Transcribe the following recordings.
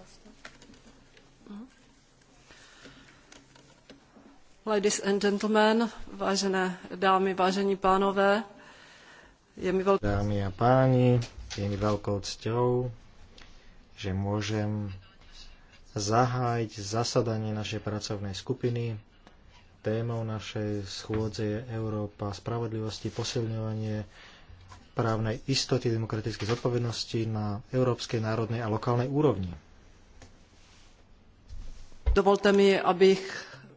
Mhm. Ladies and gentlemen, vážené dámy, vážení pánové, je mi veľkou... Dámy a páni, je mi veľkou cťou, že môžem zahájiť zasadanie našej pracovnej skupiny. Témou našej schôdze je Európa spravodlivosti, posilňovanie právnej istoty demokratickej zodpovednosti na európskej, národnej a lokálnej úrovni. Dovolte mi, abych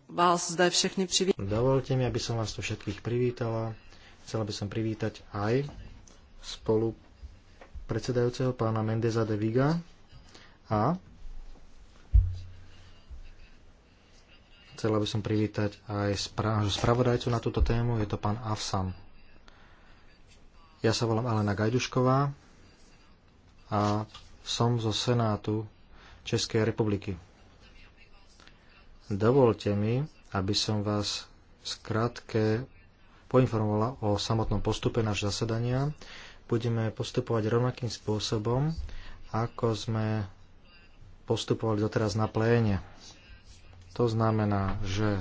vás zde všechny privítala. Dovolte mi, aby som vás tu všetkých privítala. Chcela by som privítať aj spolu predsedajúceho pána Mendeza de Viga a chcela by som privítať aj spra- spravodajcu na túto tému, je to pán Afsan. Ja sa volám Elena Gajdušková a som zo Senátu Českej republiky. Dovolte mi, aby som vás skrátke poinformovala o samotnom postupe nášho zasadania. Budeme postupovať rovnakým spôsobom, ako sme postupovali doteraz na pléne. To znamená, že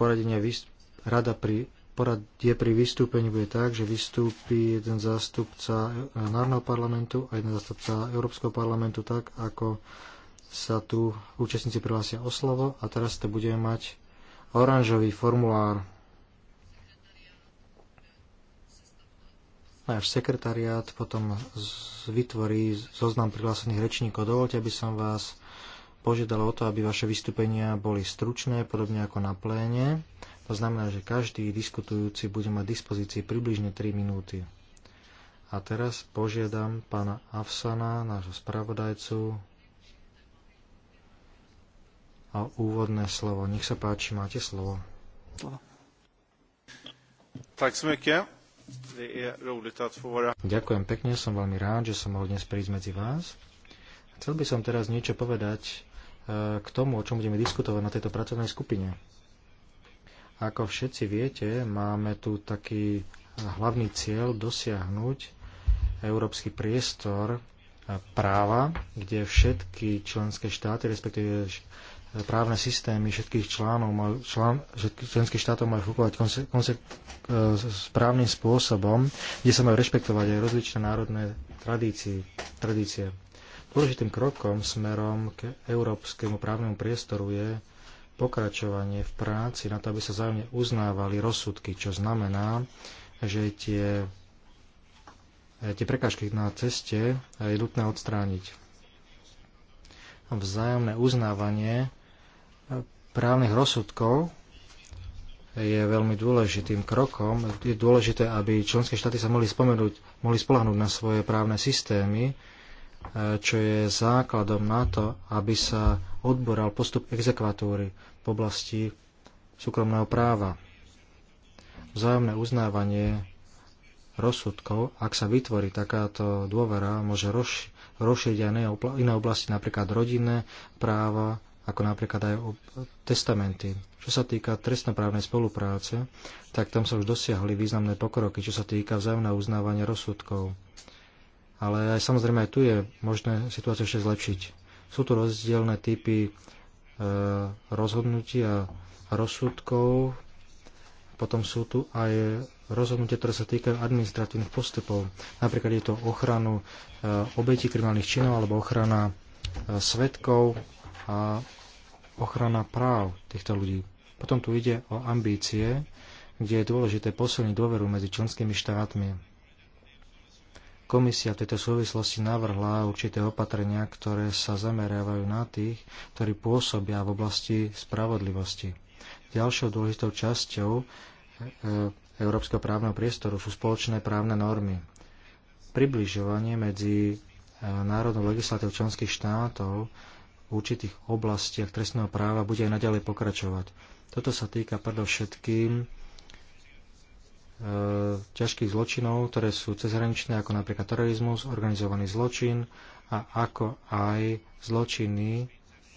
poradenie rada pri poradie pri vystúpení bude tak, že vystúpi jeden zástupca Národného parlamentu a jeden zástupca Európskeho parlamentu tak, ako sa tu účastníci prihlásia o slovo a teraz to budeme mať oranžový formulár. Náš sekretariát potom vytvorí zoznam prihlásených rečníkov. Dovolte, aby som vás požiadal o to, aby vaše vystúpenia boli stručné, podobne ako na pléne. To znamená, že každý diskutujúci bude mať dispozícii približne 3 minúty. A teraz požiadam pána Afsana, nášho spravodajcu, a úvodné slovo. Nech sa páči, máte slovo. Er Ďakujem pekne, som veľmi rád, že som mohol dnes prísť medzi vás. Chcel by som teraz niečo povedať e, k tomu, o čom budeme diskutovať na tejto pracovnej skupine. Ako všetci viete, máme tu taký hlavný cieľ dosiahnuť európsky priestor e, práva, kde všetky členské štáty, respektíve právne systémy všetkých článov, člán, všetkých členských štátov majú fungovať konse, konse, e, správnym spôsobom, kde sa majú rešpektovať aj rozličné národné tradície. tradície. Dôležitým krokom smerom k európskemu právnemu priestoru je pokračovanie v práci na to, aby sa zájomne uznávali rozsudky, čo znamená, že tie, e, tie prekážky na ceste e, je nutné odstrániť. Vzájomné uznávanie právnych rozsudkov je veľmi dôležitým krokom. Je dôležité, aby členské štáty sa mohli, spomenúť, mohli spolahnúť na svoje právne systémy, e, čo je základom na to, aby sa odboral postup exekvatúry v oblasti súkromného práva. Vzájomné uznávanie rozsudkov, ak sa vytvorí takáto dôvera, môže rozšíriť aj iné oblasti, napríklad rodinné práva, ako napríklad aj o testamenty. Čo sa týka trestnoprávnej spolupráce, tak tam sa už dosiahli významné pokroky, čo sa týka vzájomného uznávania rozsudkov. Ale aj samozrejme aj tu je možné situáciu ešte zlepšiť. Sú tu rozdielne typy e, rozhodnutí a rozsudkov, potom sú tu aj rozhodnutia, ktoré sa týkajú administratívnych postupov. Napríklad je to ochranu e, obetí kriminálnych činov alebo ochrana e, svetkov a ochrana práv týchto ľudí. Potom tu ide o ambície, kde je dôležité posilniť dôveru medzi členskými štátmi. Komisia v tejto súvislosti navrhla určité opatrenia, ktoré sa zameriavajú na tých, ktorí pôsobia v oblasti spravodlivosti. Ďalšou dôležitou časťou e, európskeho právneho priestoru sú spoločné právne normy. Približovanie medzi e, národnou legislatívou členských štátov v určitých oblastiach trestného práva bude aj naďalej pokračovať. Toto sa týka predovšetkým e, ťažkých zločinov, ktoré sú cezhraničné, ako napríklad terorizmus, organizovaný zločin a ako aj zločiny,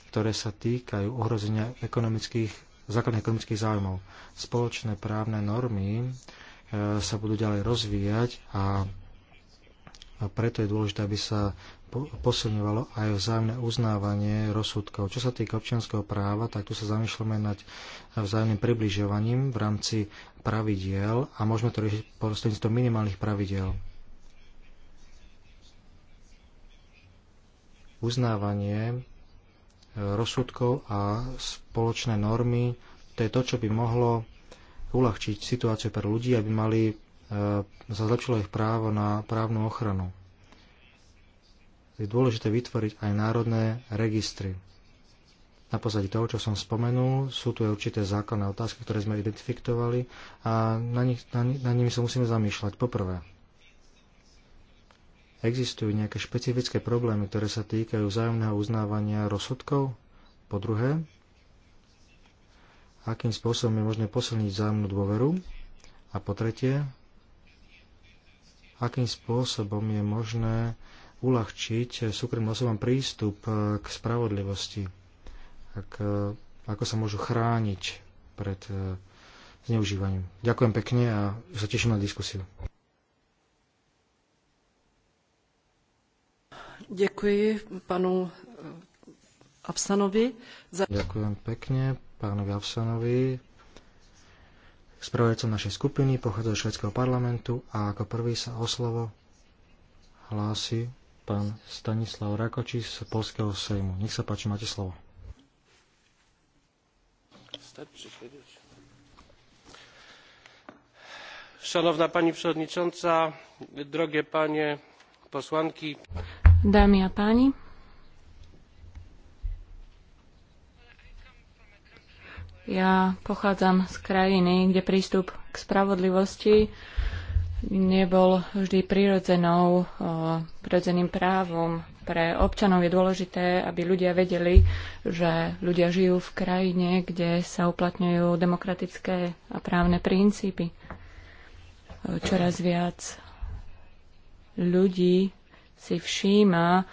ktoré sa týkajú ohrozenia ekonomických, základných ekonomických záujmov. Spoločné právne normy e, sa budú ďalej rozvíjať a a preto je dôležité, aby sa posilňovalo aj vzájomné uznávanie rozsudkov. Čo sa týka občianského práva, tak tu sa zamýšľame nad vzájomným približovaním v rámci pravidiel a môžeme to riešiť prostredníctvom minimálnych pravidiel. Uznávanie e, rozsudkov a spoločné normy, to je to, čo by mohlo uľahčiť situáciu pre ľudí, aby mali, sa e, zlepšilo ich právo na právnu ochranu je dôležité vytvoriť aj národné registry. Na pozadí toho, čo som spomenul, sú tu aj určité základné otázky, ktoré sme identifikovali a na, nich, na, na nimi sa musíme zamýšľať. Poprvé, existujú nejaké špecifické problémy, ktoré sa týkajú vzájomného uznávania rozsudkov? Po druhé, akým spôsobom je možné posilniť vzájomnú dôveru? A po tretie, akým spôsobom je možné uľahčiť súkromným osobám prístup eh, k spravodlivosti, ak, eh, ako sa môžu chrániť pred eh, zneužívaním. Ďakujem pekne a sa teším na diskusiu. Ďakujem panu Absanovi. Za... Ďakujem pekne pánovi Absanovi, spravodajcom našej skupiny, pochádza z švedského parlamentu a ako prvý sa o slovo hlási pán Stanislav Rakoči z Polského sejmu. Nech sa páči, máte slovo. Szanowna Pani Przewodnicząca, drogie Panie Posłanki. Dami a Pani. ja pochádzam z krajiny, kde prístup k spravodlivosti nebol vždy prirodzenou, prirodzeným právom pre občanov. Je dôležité, aby ľudia vedeli, že ľudia žijú v krajine, kde sa uplatňujú demokratické a právne princípy. Čoraz viac ľudí si všíma,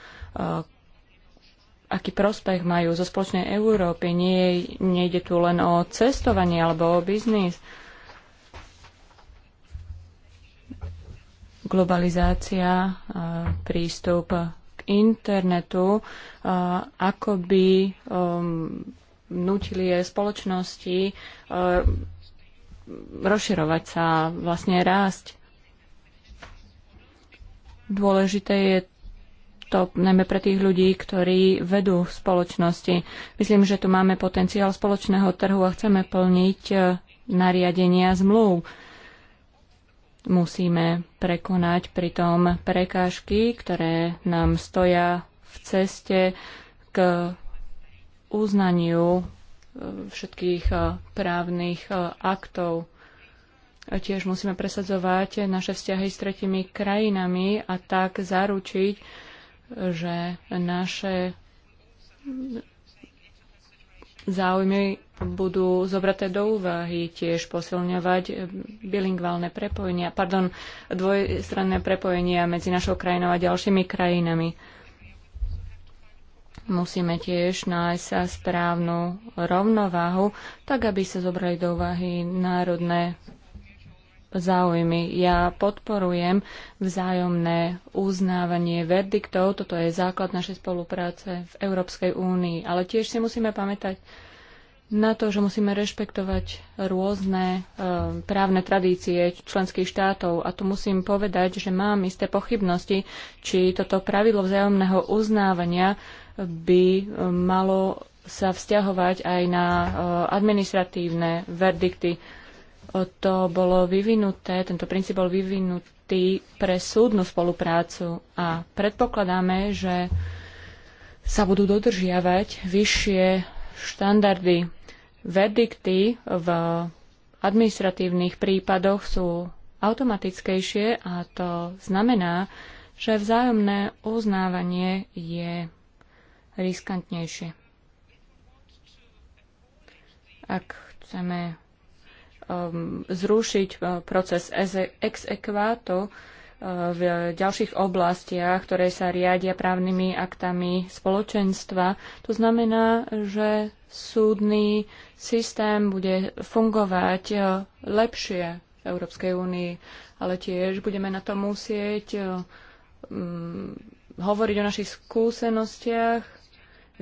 aký prospech majú zo spoločnej Európy. Nie, nejde tu len o cestovanie alebo o biznis globalizácia, prístup k internetu, ako by um, nutili spoločnosti rozširovať sa, vlastne rásť. Dôležité je to najmä pre tých ľudí, ktorí vedú v spoločnosti. Myslím, že tu máme potenciál spoločného trhu a chceme plniť nariadenia zmluv musíme prekonať pritom prekážky, ktoré nám stoja v ceste k uznaniu e, všetkých e, právnych e, aktov. Tiež musíme presadzovať naše vzťahy s tretimi krajinami a tak zaručiť, že naše záujmy budú zobraté do úvahy, tiež posilňovať eh, bilingválne prepojenia, pardon, dvojstranné prepojenia medzi našou krajinou a ďalšími krajinami. Musíme tiež nájsť sa správnu rovnováhu, tak aby sa zobrali do úvahy národné záujmy. Ja podporujem vzájomné uznávanie verdiktov, toto je základ našej spolupráce v Európskej únii, ale tiež si musíme pamätať na to, že musíme rešpektovať rôzne e, právne tradície členských štátov. A tu musím povedať, že mám isté pochybnosti, či toto pravidlo vzájomného uznávania by e, malo sa vzťahovať aj na e, administratívne verdikty to bolo vyvinuté, tento princíp bol vyvinutý pre súdnu spoluprácu a predpokladáme, že sa budú dodržiavať vyššie štandardy. Verdikty v administratívnych prípadoch sú automatickejšie a to znamená, že vzájomné uznávanie je riskantnejšie. Ak chceme Um, zrušiť uh, proces ex equato uh, v ďalších oblastiach, ktoré sa riadia právnymi aktami spoločenstva. To znamená, že súdny systém bude fungovať uh, lepšie v Európskej únii, ale tiež budeme na to musieť um, hovoriť o našich skúsenostiach,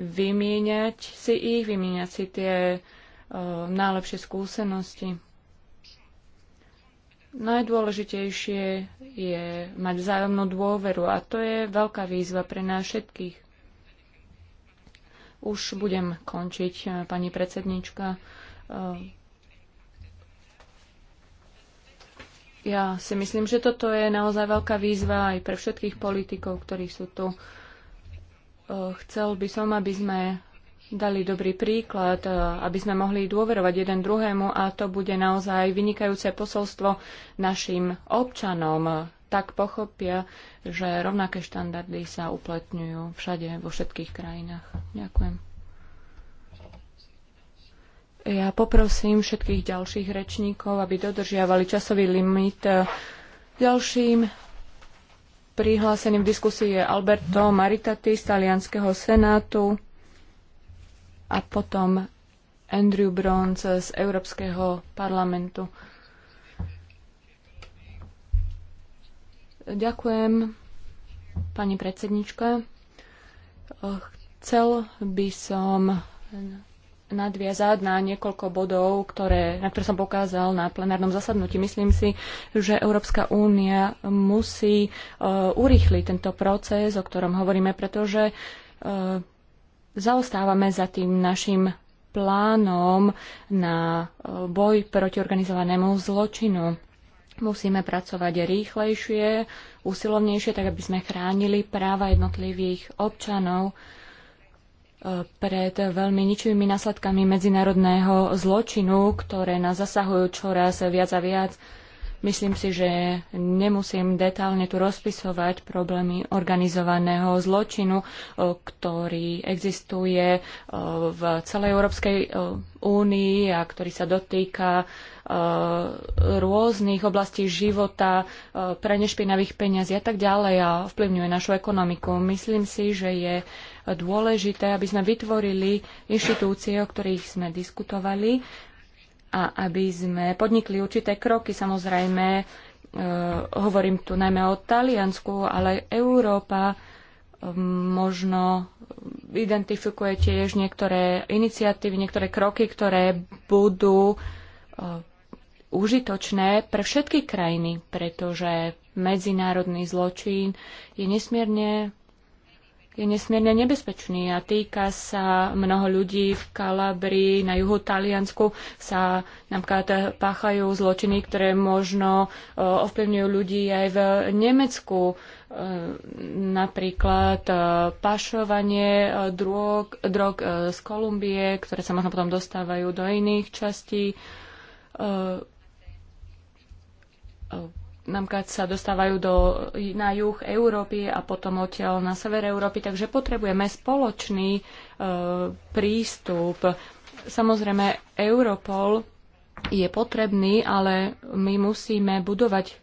vymieňať si ich, vymieňať si tie uh, najlepšie skúsenosti. Najdôležitejšie je mať vzájomnú dôveru a to je veľká výzva pre nás všetkých. Už budem končiť, eh, pani predsednička. Eh, ja si myslím, že toto je naozaj veľká výzva aj pre všetkých politikov, ktorí sú tu. Eh, chcel by som, aby sme dali dobrý príklad, e, aby sme mohli dôverovať jeden druhému a to bude naozaj vynikajúce posolstvo našim občanom. Tak pochopia, že rovnaké štandardy sa uplatňujú všade, vo všetkých krajinách. Ďakujem. Ja poprosím všetkých ďalších rečníkov, aby dodržiavali časový limit. E, ďalším prihláseným v diskusii je Alberto Maritati z Talianského senátu a potom Andrew Brons z Európskeho parlamentu. Ďakujem, pani predsednička. Chcel by som nadviazať na niekoľko bodov, ktoré, na ktoré som pokázal na plenárnom zasadnutí. Myslím si, že Európska únia musí uh, urýchliť tento proces, o ktorom hovoríme, pretože uh, zaostávame za tým našim plánom na e, boj proti organizovanému zločinu. Musíme pracovať rýchlejšie, usilovnejšie, tak aby sme chránili práva jednotlivých občanov e, pred veľmi ničivými následkami medzinárodného zločinu, ktoré nás zasahujú čoraz viac a viac. Myslím si, že nemusím detálne tu rozpisovať problémy organizovaného zločinu, ktorý existuje v celej Európskej únii a ktorý sa dotýka rôznych oblastí života, prene špinavých peniazí a tak ďalej a vplyvňuje našu ekonomiku. Myslím si, že je dôležité, aby sme vytvorili inštitúcie, o ktorých sme diskutovali, a aby sme podnikli určité kroky. Samozrejme, e, hovorím tu najmä o Taliansku, ale Európa e, možno identifikuje tiež niektoré iniciatívy, niektoré kroky, ktoré budú e, užitočné pre všetky krajiny, pretože medzinárodný zločin je nesmierne je nesmierne nebezpečný a týka sa mnoho ľudí v Kalabrii, na juhu Taliansku sa napríklad páchajú zločiny, ktoré možno e, ovplyvňujú ľudí aj v Nemecku. E, napríklad e, pašovanie drog, drog z Kolumbie, ktoré sa možno potom dostávajú do iných častí napríklad sa dostávajú do, na juh Európy a potom odtiaľ na sever Európy, takže potrebujeme spoločný e, prístup. Samozrejme, Europol je potrebný, ale my musíme budovať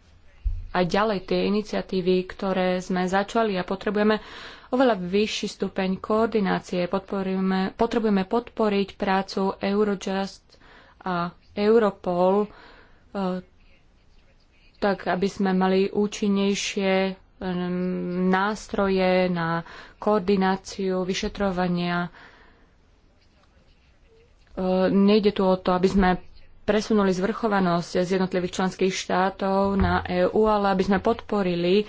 aj ďalej tie iniciatívy, ktoré sme začali a potrebujeme oveľa vyšší stupeň koordinácie. potrebujeme podporiť prácu Eurojust a Europol. E, tak aby sme mali účinnejšie nástroje na koordináciu vyšetrovania. E, nejde tu o to, aby sme presunuli zvrchovanosť z jednotlivých členských štátov na EÚ, ale aby sme podporili e,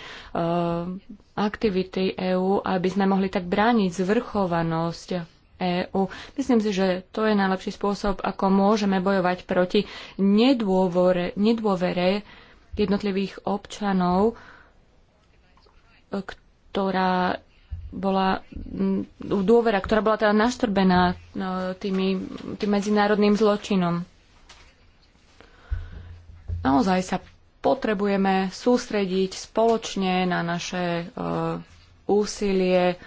aktivity EÚ, aby sme mohli tak brániť zvrchovanosť EÚ. Myslím si, že to je najlepší spôsob, ako môžeme bojovať proti nedôvore, nedôvere jednotlivých občanov, ktorá bola dôvera, ktorá bola teda naštrbená e, tými, tým medzinárodným zločinom. Naozaj sa potrebujeme sústrediť spoločne na naše e, úsilie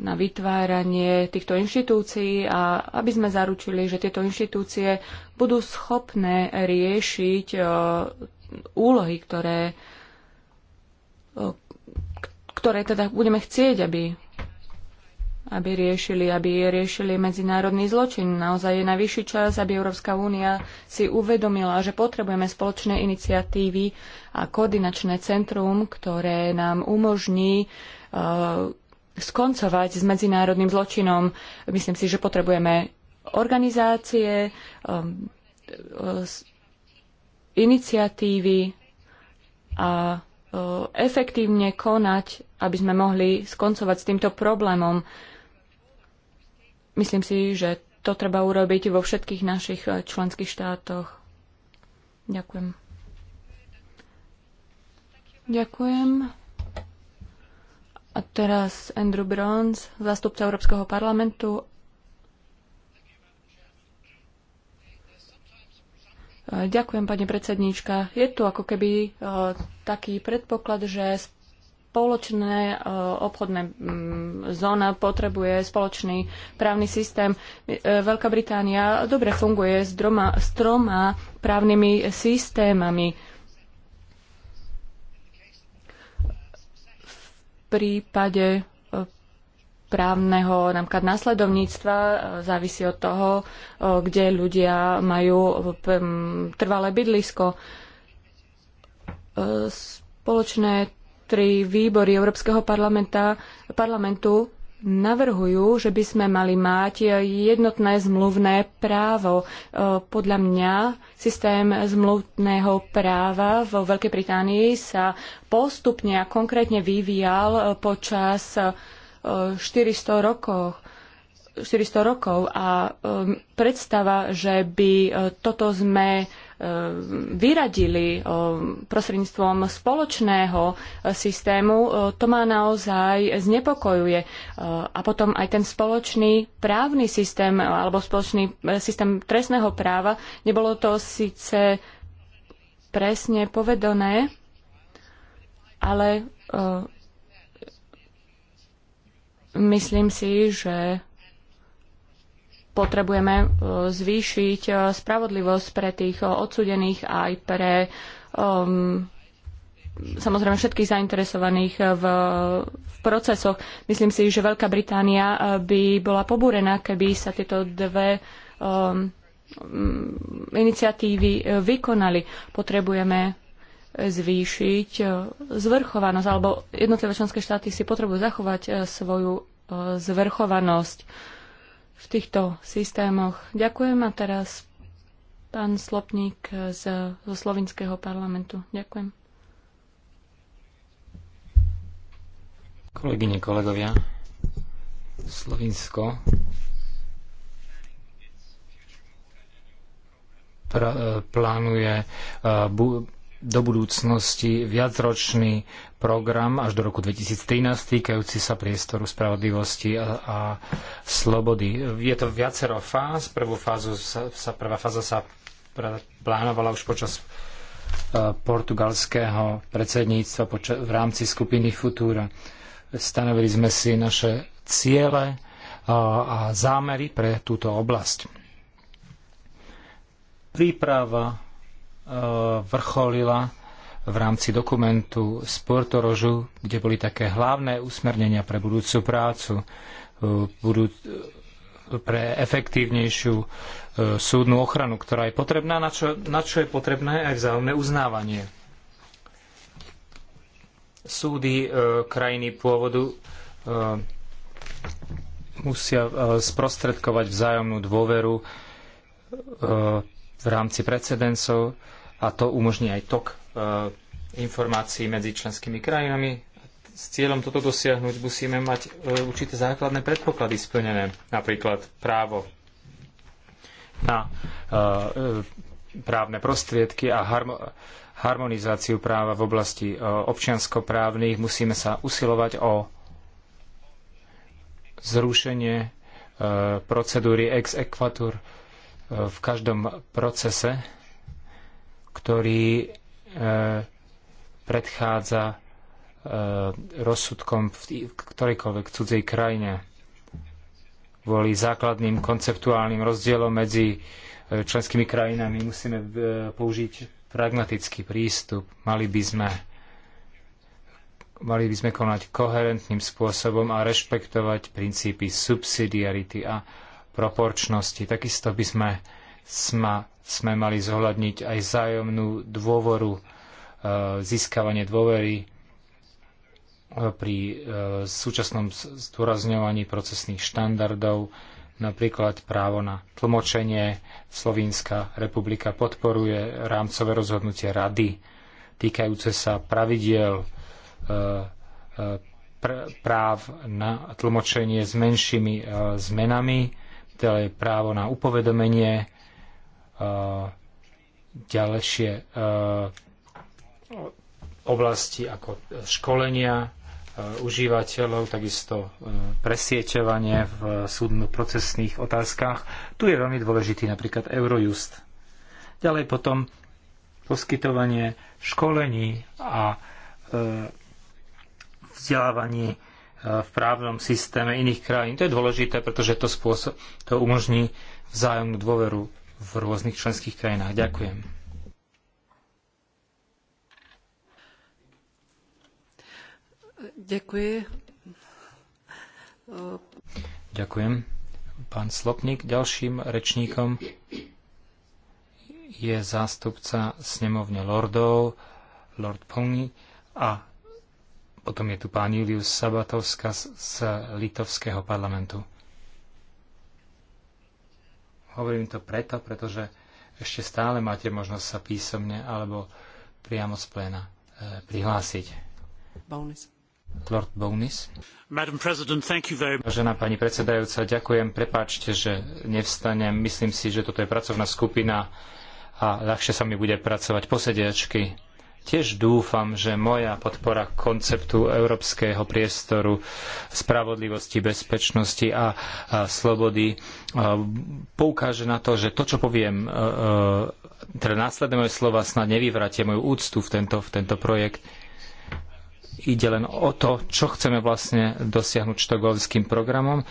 na vytváranie týchto inštitúcií a aby sme zaručili, že tieto inštitúcie budú schopné riešiť e, úlohy, ktoré, e, ktoré teda budeme chcieť, aby, aby riešili, aby riešili medzinárodný zločin. Naozaj je najvyšší čas, aby Európska únia si uvedomila, že potrebujeme spoločné iniciatívy a koordinačné centrum, ktoré nám umožní uh, skoncovať s medzinárodným zločinom. Myslím si, že potrebujeme organizácie, um, iniciatívy a uh, efektívne konať, aby sme mohli skoncovať s týmto problémom. Myslím si, že to treba urobiť vo všetkých našich uh, členských štátoch. Ďakujem. Ďakujem. A teraz Andrew Brons, zástupca Európskeho parlamentu. E, ďakujem, pani predsedníčka. Je tu ako keby uh, taký predpoklad, že spoločné uh, obchodné um, zóna potrebuje spoločný právny systém. Uh, Veľká Británia dobre funguje s, droma, s troma právnymi systémami prípade e, právneho napríklad následovníctva e, závisí od toho, e, kde ľudia majú trvalé bydlisko. Spoločné tri výbory Európskeho parlamenta, parlamentu navrhujú, že by sme mali mať jednotné zmluvné právo. E, podľa mňa systém zmluvného práva vo Veľkej Británii sa postupne a konkrétne vyvíjal e, počas 400 e, rokov. 400 rokov a predstava, že by toto sme Eh, vyradili eh, prostredníctvom spoločného eh, systému, to ma naozaj znepokojuje. A potom aj ten spoločný právny systém alebo spoločný systém trestného práva, nebolo to síce presne povedané, ale myslím si, že potrebujeme e, zvýšiť e, spravodlivosť pre tých e, odsudených aj pre um, samozrejme všetkých zainteresovaných v, v procesoch. Myslím si, že Veľká Británia by bola pobúrená, keby sa tieto dve um, mm, iniciatívy vykonali. Potrebujeme zvýšiť zvrchovanosť, alebo jednotlivé členské štáty si potrebujú zachovať svoju zvrchovanosť v týchto systémoch. Ďakujem a teraz pán Slopník z, zo Slovinského parlamentu. Ďakujem. Kolegyne, kolegovia, Slovinsko e, plánuje e, do budúcnosti viacročný program až do roku 2013 týkajúci sa priestoru spravodlivosti a, a slobody. Je to viacero fáz. Prvú fázu sa, sa, prvá fáza sa plánovala už počas e, portugalského predsedníctva v rámci skupiny Futura. Stanovili sme si naše ciele e, a zámery pre túto oblasť. Príprava e, vrcholila v rámci dokumentu z Portorožu, kde boli také hlavné usmernenia pre budúcu prácu, e, budú e, pre efektívnejšiu e, súdnu ochranu, ktorá je potrebná, na čo, na čo je potrebné aj vzájomné uznávanie. Súdy e, krajiny pôvodu e, musia e, sprostredkovať vzájomnú dôveru v rámci precedencov a to umožní aj tok Eh, informácií medzi členskými krajinami. S cieľom toto dosiahnuť musíme mať eh, určité základné predpoklady splnené, napríklad právo na eh, právne prostriedky a harmonizáciu práva v oblasti občianskoprávnych. Musíme sa usilovať o zrušenie procedúry ex equatur v každom procese, ktorý E, predchádza e, rozsudkom v ktorejkoľvek cudzej krajine. Kvôli základným konceptuálnym rozdielom medzi e, členskými krajinami musíme použiť pragmatický prístup. Mali by sme, mali by sme konať koherentným spôsobom a rešpektovať princípy subsidiarity a proporčnosti. Takisto by sme sma sme mali zohľadniť aj zájomnú dôvoru, e, získavanie dôvery e, pri e, súčasnom zdôrazňovaní procesných štandardov, napríklad právo na tlmočenie. Slovínska republika podporuje rámcové rozhodnutie rady týkajúce sa pravidiel práv na tlmočenie s menšími zmenami, teda je právo na upovedomenie, ďalšie oblasti ako školenia užívateľov, takisto presieťovanie v súdno-procesných otázkach. Tu je veľmi dôležitý napríklad Eurojust. Ďalej potom poskytovanie školení a e, vzdelávanie v právnom systéme iných krajín. To je dôležité, pretože to, spôsob, to umožní vzájomnú dôveru v rôznych členských krajinách. Ďakujem. Ďakujem. Ďakujem. Pán Slopník, ďalším rečníkom je zástupca snemovne lordov, Lord Pony a potom je tu pán Julius Sabatovska z, z litovského parlamentu. Hovorím to preto, pretože ešte stále máte možnosť sa písomne alebo priamo z pléna e, prihlásiť. Bonus. Lord Bonis. Vážená pani predsedajúca, ďakujem. Prepáčte, že nevstanem. Myslím si, že toto je pracovná skupina a ľahšie sa mi bude pracovať po sediačky. Tiež dúfam, že moja podpora konceptu európskeho priestoru spravodlivosti, bezpečnosti a, a slobody a e, poukáže na to, že to, čo poviem, a, e, e, teda následné moje slova snad nevyvratie moju úctu v tento, v tento projekt. Ide len o to, čo chceme vlastne dosiahnuť štokholmským programom.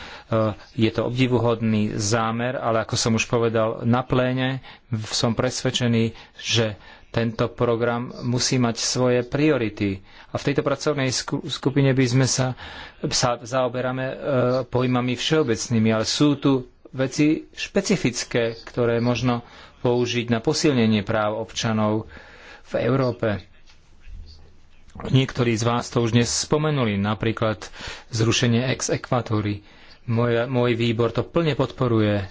Je to obdivuhodný zámer, ale ako som už povedal na pléne, som presvedčený, že tento program musí mať svoje priority. A v tejto pracovnej skupine by sme sa, sa zaoberáme e, pojmami všeobecnými, ale sú tu veci špecifické, ktoré možno použiť na posilnenie práv občanov v Európe. Niektorí z vás to už dnes spomenuli, napríklad zrušenie ex ekvatóry Môj, môj výbor to plne podporuje.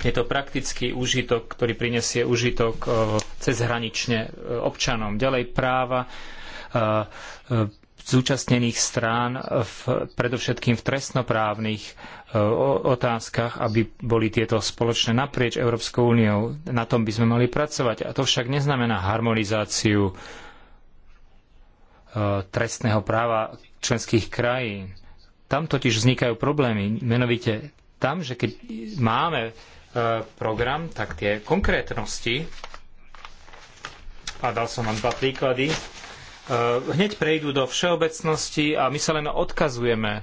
Je to praktický úžitok, ktorý prinesie úžitok e, cezhranične e, občanom. Ďalej práva e, zúčastnených strán, v, predovšetkým v trestnoprávnych otázkach, aby boli tieto spoločné naprieč Európskou úniou. Na tom by sme mali pracovať. A to však neznamená harmonizáciu trestného práva členských krajín. Tam totiž vznikajú problémy. Menovite tam, že keď máme E, program, tak tie konkrétnosti, a dal som vám dva príklady, e, hneď prejdú do všeobecnosti a my sa len odkazujeme e,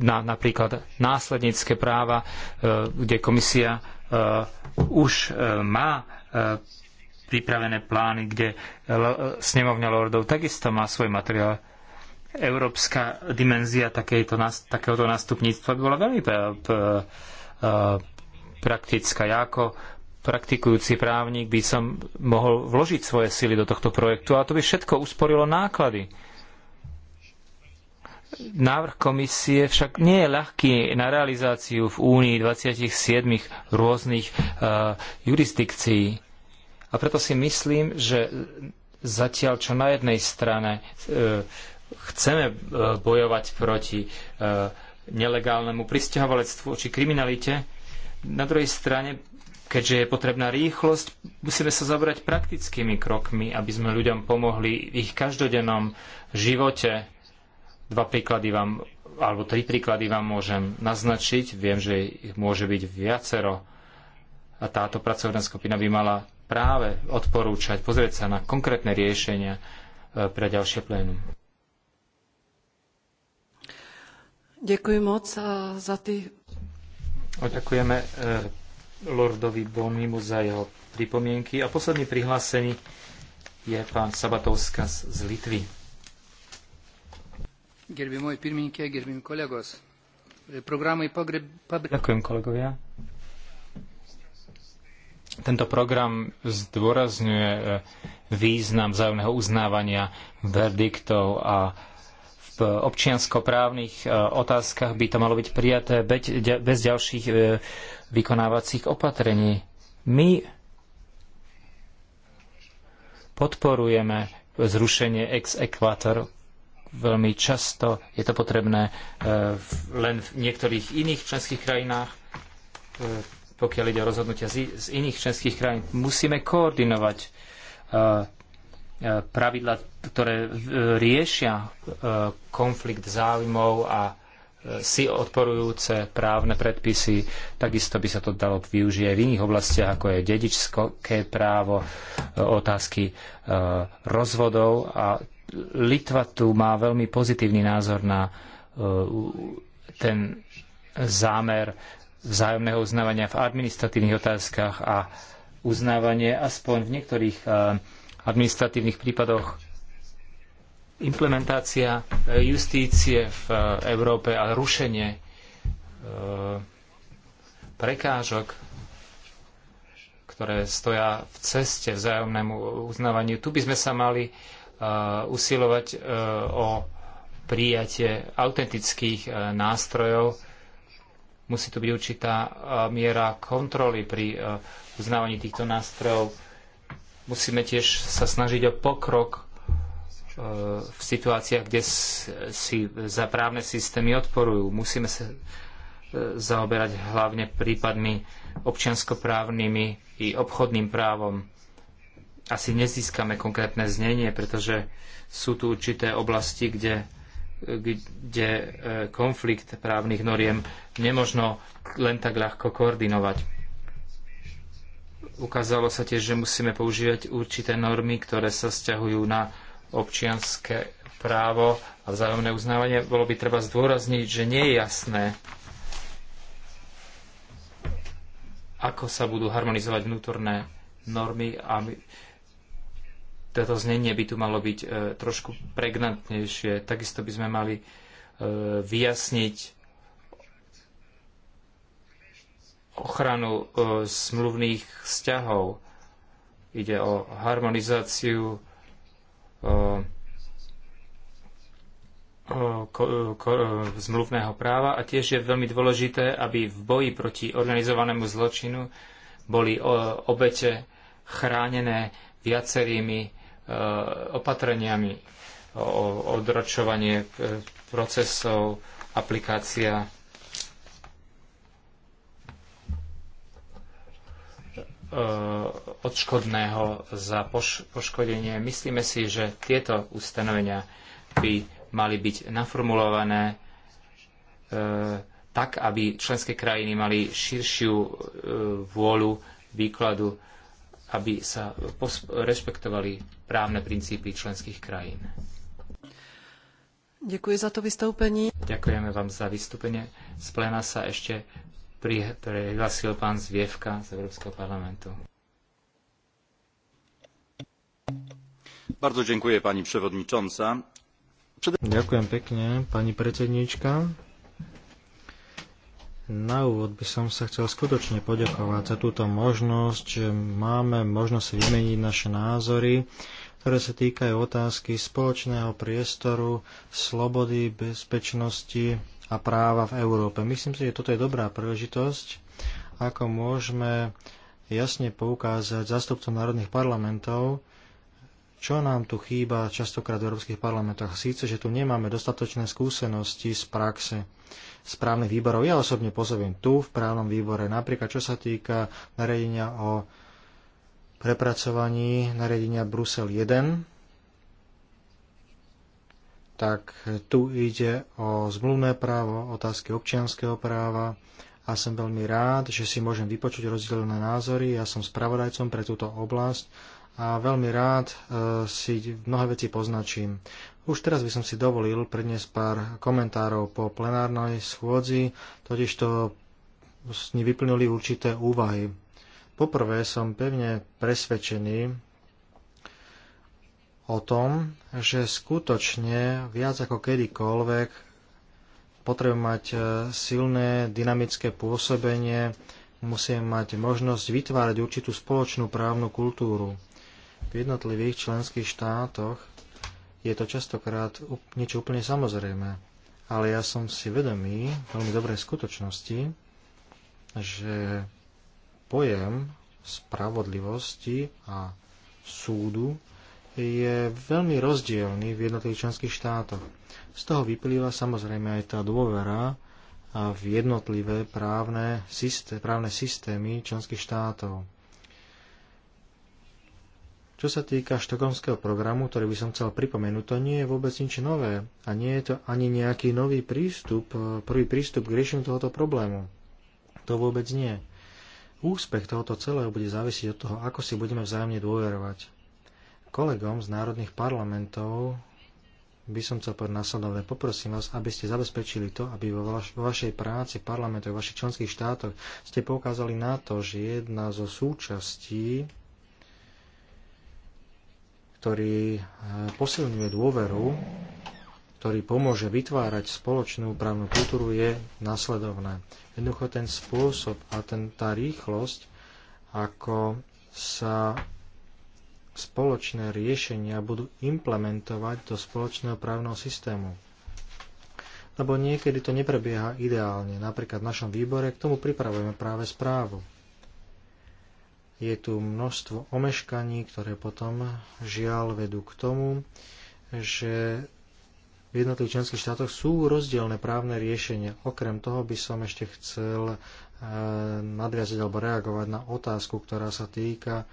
na napríklad následnícke práva, kde komisia už má pripravené plány, kde snemovňa lordov takisto má svoj materiál. Európska dimenzia takéto, takéhoto nástupníctva by bola veľmi praktická. Ja ako praktikujúci právnik by som mohol vložiť svoje sily do tohto projektu a to by všetko usporilo náklady. Návrh komisie však nie je ľahký na realizáciu v Únii 27 rôznych uh, jurisdikcií. A preto si myslím, že zatiaľ čo na jednej strane uh, chceme uh, bojovať proti uh, nelegálnemu pristahovalectvu či kriminalite, na druhej strane, keďže je potrebná rýchlosť, musíme sa zabrať praktickými krokmi, aby sme ľuďom pomohli v ich každodennom živote. Dva príklady vám, alebo tri príklady vám môžem naznačiť. Viem, že ich môže byť viacero. A táto pracovná skupina by mala práve odporúčať, pozrieť sa na konkrétne riešenia e, pre ďalšie plénum. Ďakujem moc za tie Ďakujeme eh, Lordovi Bonimu za jeho pripomienky. A posledný prihlásený je pán Sabatovská z Litvy. Ďakujem kolegovia. Tento program zdôrazňuje eh, význam vzájomného uznávania verdiktov a v občianskoprávnych e, otázkach by to malo byť prijaté bez ďalších e, vykonávacích opatrení. My podporujeme zrušenie ex equator veľmi často. Je to potrebné e, len v niektorých iných členských krajinách, pokiaľ ide o rozhodnutia z iných členských krajín. Musíme koordinovať pravidla, ktoré e, riešia e, konflikt záujmov a e, si odporujúce právne predpisy. Takisto by sa to dalo využiť aj v iných oblastiach, ako je dedičské právo, otázky rozvodov. A Litva tu má veľmi pozitívny názor na ten zámer vzájomného uznávania v administratívnych otázkach a uznávanie aspoň v niektorých administratívnych prípadoch. Implementácia e, justície v e, Európe a rušenie e, prekážok, ktoré stoja v ceste vzájomnému uznávaniu. Tu by sme sa mali usilovať o prijatie autentických nástrojov, musí tu byť určitá miera kontroly pri uznávaní týchto nástrojov. Musíme tiež sa snažiť o pokrok e, v situáciách, kde si za právne systémy odporujú. Musíme sa e, zaoberať hlavne prípadmi občianskoprávnymi i obchodným právom. Asi nezískame konkrétne znenie, pretože sú tu určité oblasti, kde, kde e, konflikt právnych noriem nemožno len tak ľahko koordinovať Ukázalo sa tiež, že musíme používať určité normy, ktoré sa vzťahujú na občianske právo a vzájomné uznávanie. Bolo by treba zdôrazniť, že nie je jasné, ako sa budú harmonizovať vnútorné normy a my... toto znenie by tu malo byť e, trošku pregnantnejšie. Takisto by sme mali e, vyjasniť ochranu e, zmluvných vzťahov. Ide o harmonizáciu e, e, zmluvného práva a tiež je veľmi dôležité, aby v boji proti organizovanému zločinu boli obete chránené viacerými opatreniami o odročovanie procesov, aplikácia Eh, odškodného za poškodenie. Myslíme si, že tieto ustanovenia by mali byť naformulované eh, tak, aby členské krajiny mali širšiu eh, vôľu výkladu, aby sa rešpektovali právne princípy členských krajín. Ďakujem za to vystúpenie. Ďakujeme vám za vystúpenie. Z pléna sa ešte prihlasil pán Zvievka z Európskeho parlamentu. Bardzo dziękuję pani przewodnicząca. Ďakujem pekne, pani predsedníčka. Na úvod by som sa chcel skutočne poďakovať za túto možnosť, že máme možnosť vymeniť naše názory, ktoré sa týkajú otázky spoločného priestoru, slobody, bezpečnosti a práva v Európe. Myslím si, že toto je dobrá príležitosť, ako môžeme jasne poukázať zástupcom národných parlamentov, čo nám tu chýba častokrát v európskych parlamentoch. Síce, že tu nemáme dostatočné skúsenosti z praxe správnych výborov. Ja osobne pôsobím tu, v právnom výbore, napríklad čo sa týka nariadenia o prepracovaní nariadenia Brusel 1 tak tu ide o zmluvné právo, otázky občianského práva a som veľmi rád, že si môžem vypočuť rozdielne názory. Ja som spravodajcom pre túto oblasť a veľmi rád e, si mnohé veci poznačím. Už teraz by som si dovolil predniesť pár komentárov po plenárnej schôdzi, totiž s ní vyplnili určité úvahy. Poprvé som pevne presvedčený, o tom, že skutočne viac ako kedykoľvek potrebujem mať e, silné dynamické pôsobenie, musíme mať možnosť vytvárať určitú spoločnú právnu kultúru. V jednotlivých členských štátoch je to častokrát niečo úplne samozrejme. Ale ja som si vedomý veľmi dobrej skutočnosti, že pojem spravodlivosti a súdu je veľmi rozdielný v jednotlivých členských štátoch. Z toho vyplýva samozrejme aj tá dôvera a v jednotlivé právne, systé- právne systémy členských štátov. Čo sa týka štokholmského programu, ktorý by som chcel pripomenúť, to nie je vôbec nič nové a nie je to ani nejaký nový prístup, e, prvý prístup k riešeniu tohoto problému. To vôbec nie. Úspech tohoto celého bude závisiť od toho, ako si budeme vzájomne dôverovať. Kolegom z národných parlamentov by som chcel povedať následovne. Poprosím vás, aby ste zabezpečili to, aby vo, vaš, vo vašej práci v parlamentoch, v vašich členských štátoch ste poukázali na to, že jedna zo súčastí, ktorý eh, posilňuje dôveru, ktorý pomôže vytvárať spoločnú právnu kultúru, je nasledovné. Jednoducho ten spôsob a ten, tá rýchlosť, ako sa spoločné riešenia budú implementovať do spoločného právneho systému. Lebo niekedy to neprebieha ideálne. Napríklad v našom výbore k tomu pripravujeme práve správu. Je tu množstvo omeškaní, ktoré potom žiaľ vedú k tomu, že v jednotlivých členských štátoch sú rozdielne právne riešenia. Okrem toho by som ešte chcel eh, nadviazať alebo reagovať na otázku, ktorá sa týka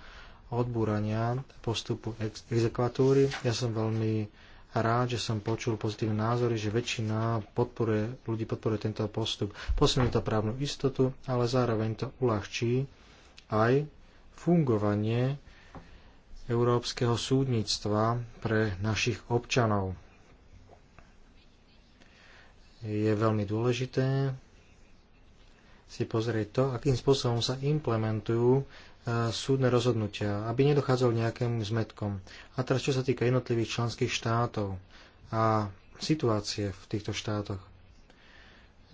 odbúrania postupu ex- exekvatúry. Ja som veľmi rád, že som počul pozitívne názory, že väčšina podporuje, ľudí podporuje tento postup. Posilní to právnu istotu, ale zároveň to uľahčí aj fungovanie európskeho súdnictva pre našich občanov. Je veľmi dôležité si pozrieť to, akým spôsobom sa implementujú E, súdne rozhodnutia, aby nedochádzalo nejakým zmetkom. A teraz čo sa týka jednotlivých členských štátov a situácie v týchto štátoch.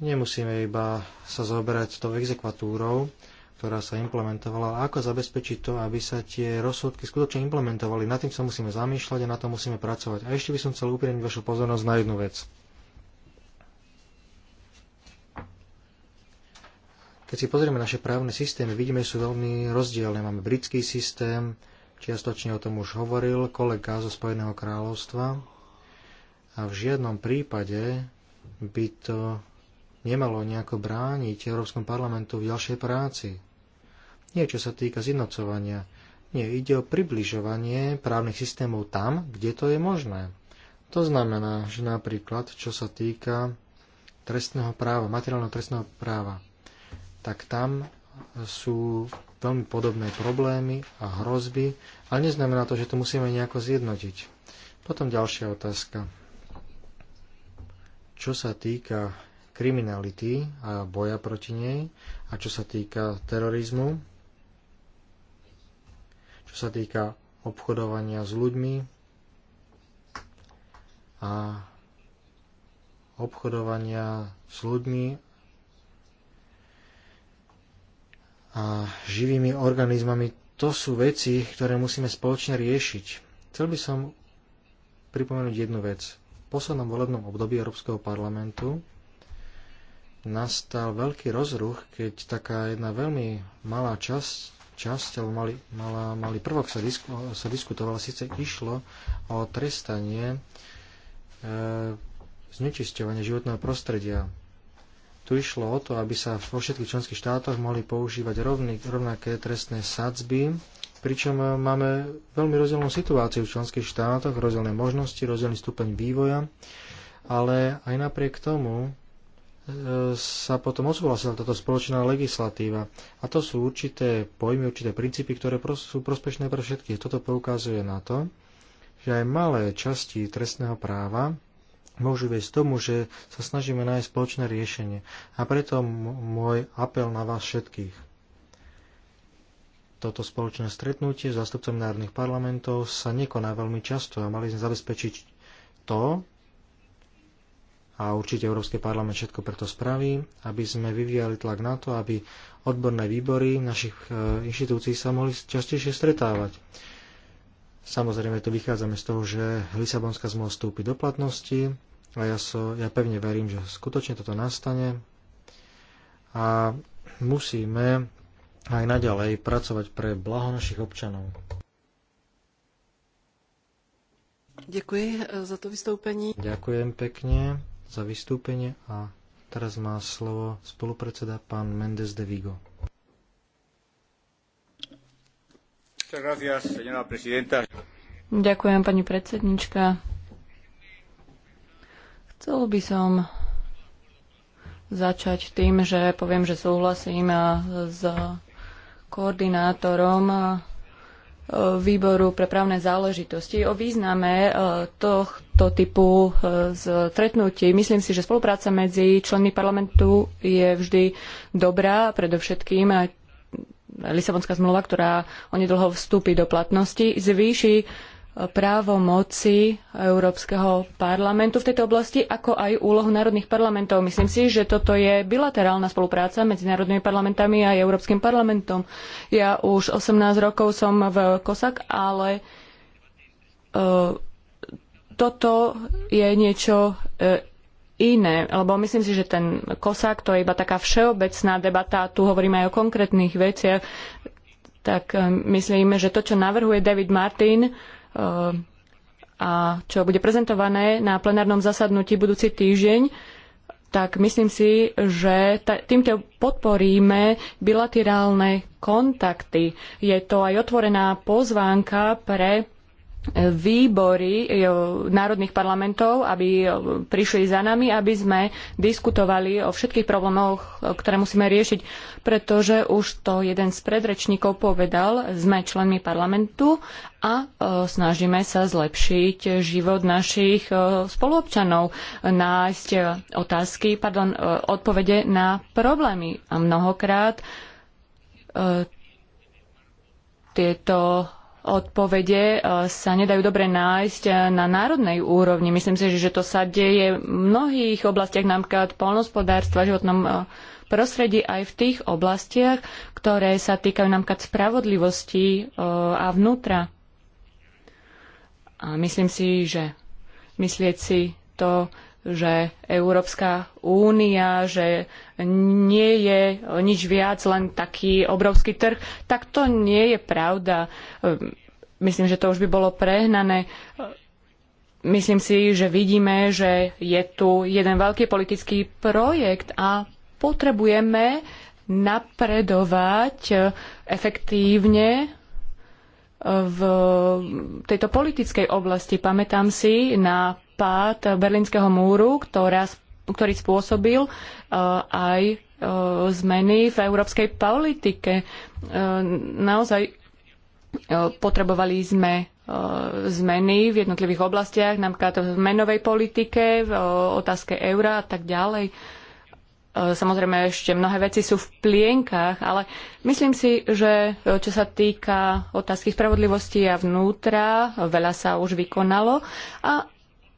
Nemusíme iba sa zaoberať tou exekvatúrou, ktorá sa implementovala, ale ako zabezpečiť to, aby sa tie rozsudky skutočne implementovali. Na tým sa musíme zamýšľať a na to musíme pracovať. A ešte by som chcel upriamiť vašu pozornosť na jednu vec. Keď si pozrieme naše právne systémy, vidíme, že sú veľmi rozdielne. Máme britský systém, čiastočne o tom už hovoril kolega zo Spojeného kráľovstva. A v žiadnom prípade by to nemalo nejako brániť Európskom parlamentu v ďalšej práci. Nie, čo sa týka zjednocovania. Nie, ide o približovanie právnych systémov tam, kde to je možné. To znamená, že napríklad, čo sa týka trestného práva, materiálneho trestného práva, tak tam sú veľmi podobné problémy a hrozby, ale neznamená to, že to musíme nejako zjednotiť. Potom ďalšia otázka. Čo sa týka kriminality a boja proti nej a čo sa týka terorizmu, čo sa týka obchodovania s ľuďmi a obchodovania s ľuďmi a živými organizmami, to sú veci, ktoré musíme spoločne riešiť. Chcel by som pripomenúť jednu vec. V poslednom volebnom období Európskeho parlamentu nastal veľký rozruch, keď taká jedna veľmi malá časť, časť alebo mali, malá, malý prvok sa, disku, sa diskutoval, síce išlo o trestanie e, znečisťovania životného prostredia. Tu išlo o to, aby sa vo všetkých členských štátoch mohli používať rovný, rovnaké trestné sadzby, pričom máme veľmi rozdielnú situáciu v členských štátoch, rozdielne možnosti, rozdielny stupeň vývoja, ale aj napriek tomu e, sa potom odsúhlasila táto spoločná legislatíva. A to sú určité pojmy, určité princípy, ktoré sú prospešné pre všetkých. Toto poukazuje na to, že aj malé časti trestného práva môžu viesť tomu, že sa snažíme nájsť spoločné riešenie. A preto môj apel na vás všetkých. Toto spoločné stretnutie s zástupcom národných parlamentov sa nekoná veľmi často a mali sme zabezpečiť to, a určite Európsky parlament všetko preto spraví, aby sme vyvíjali tlak na to, aby odborné výbory našich e, inštitúcií sa mohli častejšie stretávať. Samozrejme, tu vychádzame z toho, že Lisabonská zmluva vstúpi do platnosti a ja, so, ja pevne verím, že skutočne toto nastane a musíme aj naďalej pracovať pre blaho našich občanov. Ďakujem eh, za to vystúpenie. Ďakujem pekne za vystúpenie a teraz má slovo spolupredseda pán Mendes de Vigo. Ďakujem, pani predsednička. Chcel by som začať tým, že poviem, že súhlasím s koordinátorom e, výboru pre právne záležitosti o význame e, tohto typu e, stretnutí. Myslím si, že spolupráca medzi členmi parlamentu je vždy dobrá, predovšetkým Lisabonská zmluva, ktorá onedlho vstúpi do platnosti, zvýši e, právo moci Európskeho parlamentu v tejto oblasti, ako aj úlohu národných parlamentov. Myslím si, že toto je bilaterálna spolupráca medzi národnými parlamentami a Európskym parlamentom. Ja už 18 rokov som v COSAC, ale uh, toto je niečo uh, iné, lebo myslím si, že ten kosák to je iba taká všeobecná debata, a tu hovoríme aj o konkrétnych veciach, tak e, myslíme, že to, čo navrhuje David Martin e, a čo bude prezentované na plenárnom zasadnutí budúci týždeň, tak myslím si, že týmto podporíme bilaterálne kontakty. Je to aj otvorená pozvánka pre výbory e, národných parlamentov, aby e, prišli za nami, aby sme diskutovali o všetkých problémoch, e, ktoré musíme riešiť, pretože už to jeden z predrečníkov povedal, sme členmi parlamentu a snažíme sa zlepšiť život našich spoluobčanov, nájsť otázky, pardon, odpovede na problémy. A mnohokrát tieto odpovede e, sa nedajú dobre nájsť e, na národnej úrovni. Myslím si, že to sa deje v mnohých oblastiach, napríklad polnospodárstva, životnom e, prostredí aj v tých oblastiach, ktoré sa týkajú napríklad spravodlivosti a vnútra. A myslím si, že myslieť si to že Európska únia, že nie je nič viac, len taký obrovský trh, tak to nie je pravda. Myslím, že to už by bolo prehnané. Myslím si, že vidíme, že je tu jeden veľký politický projekt a potrebujeme napredovať efektívne v tejto politickej oblasti. Pamätám si na pád Berlínskeho múru, ktorá, ktorý spôsobil uh, aj uh, zmeny v európskej politike. Uh, naozaj potrebovali sme zmeny v jednotlivých oblastiach, napríklad v menovej politike, v otázke eura a tak ďalej. Samozrejme, ešte mnohé veci sú v plienkách, ale myslím si, že čo sa týka otázky spravodlivosti a vnútra, veľa sa už vykonalo a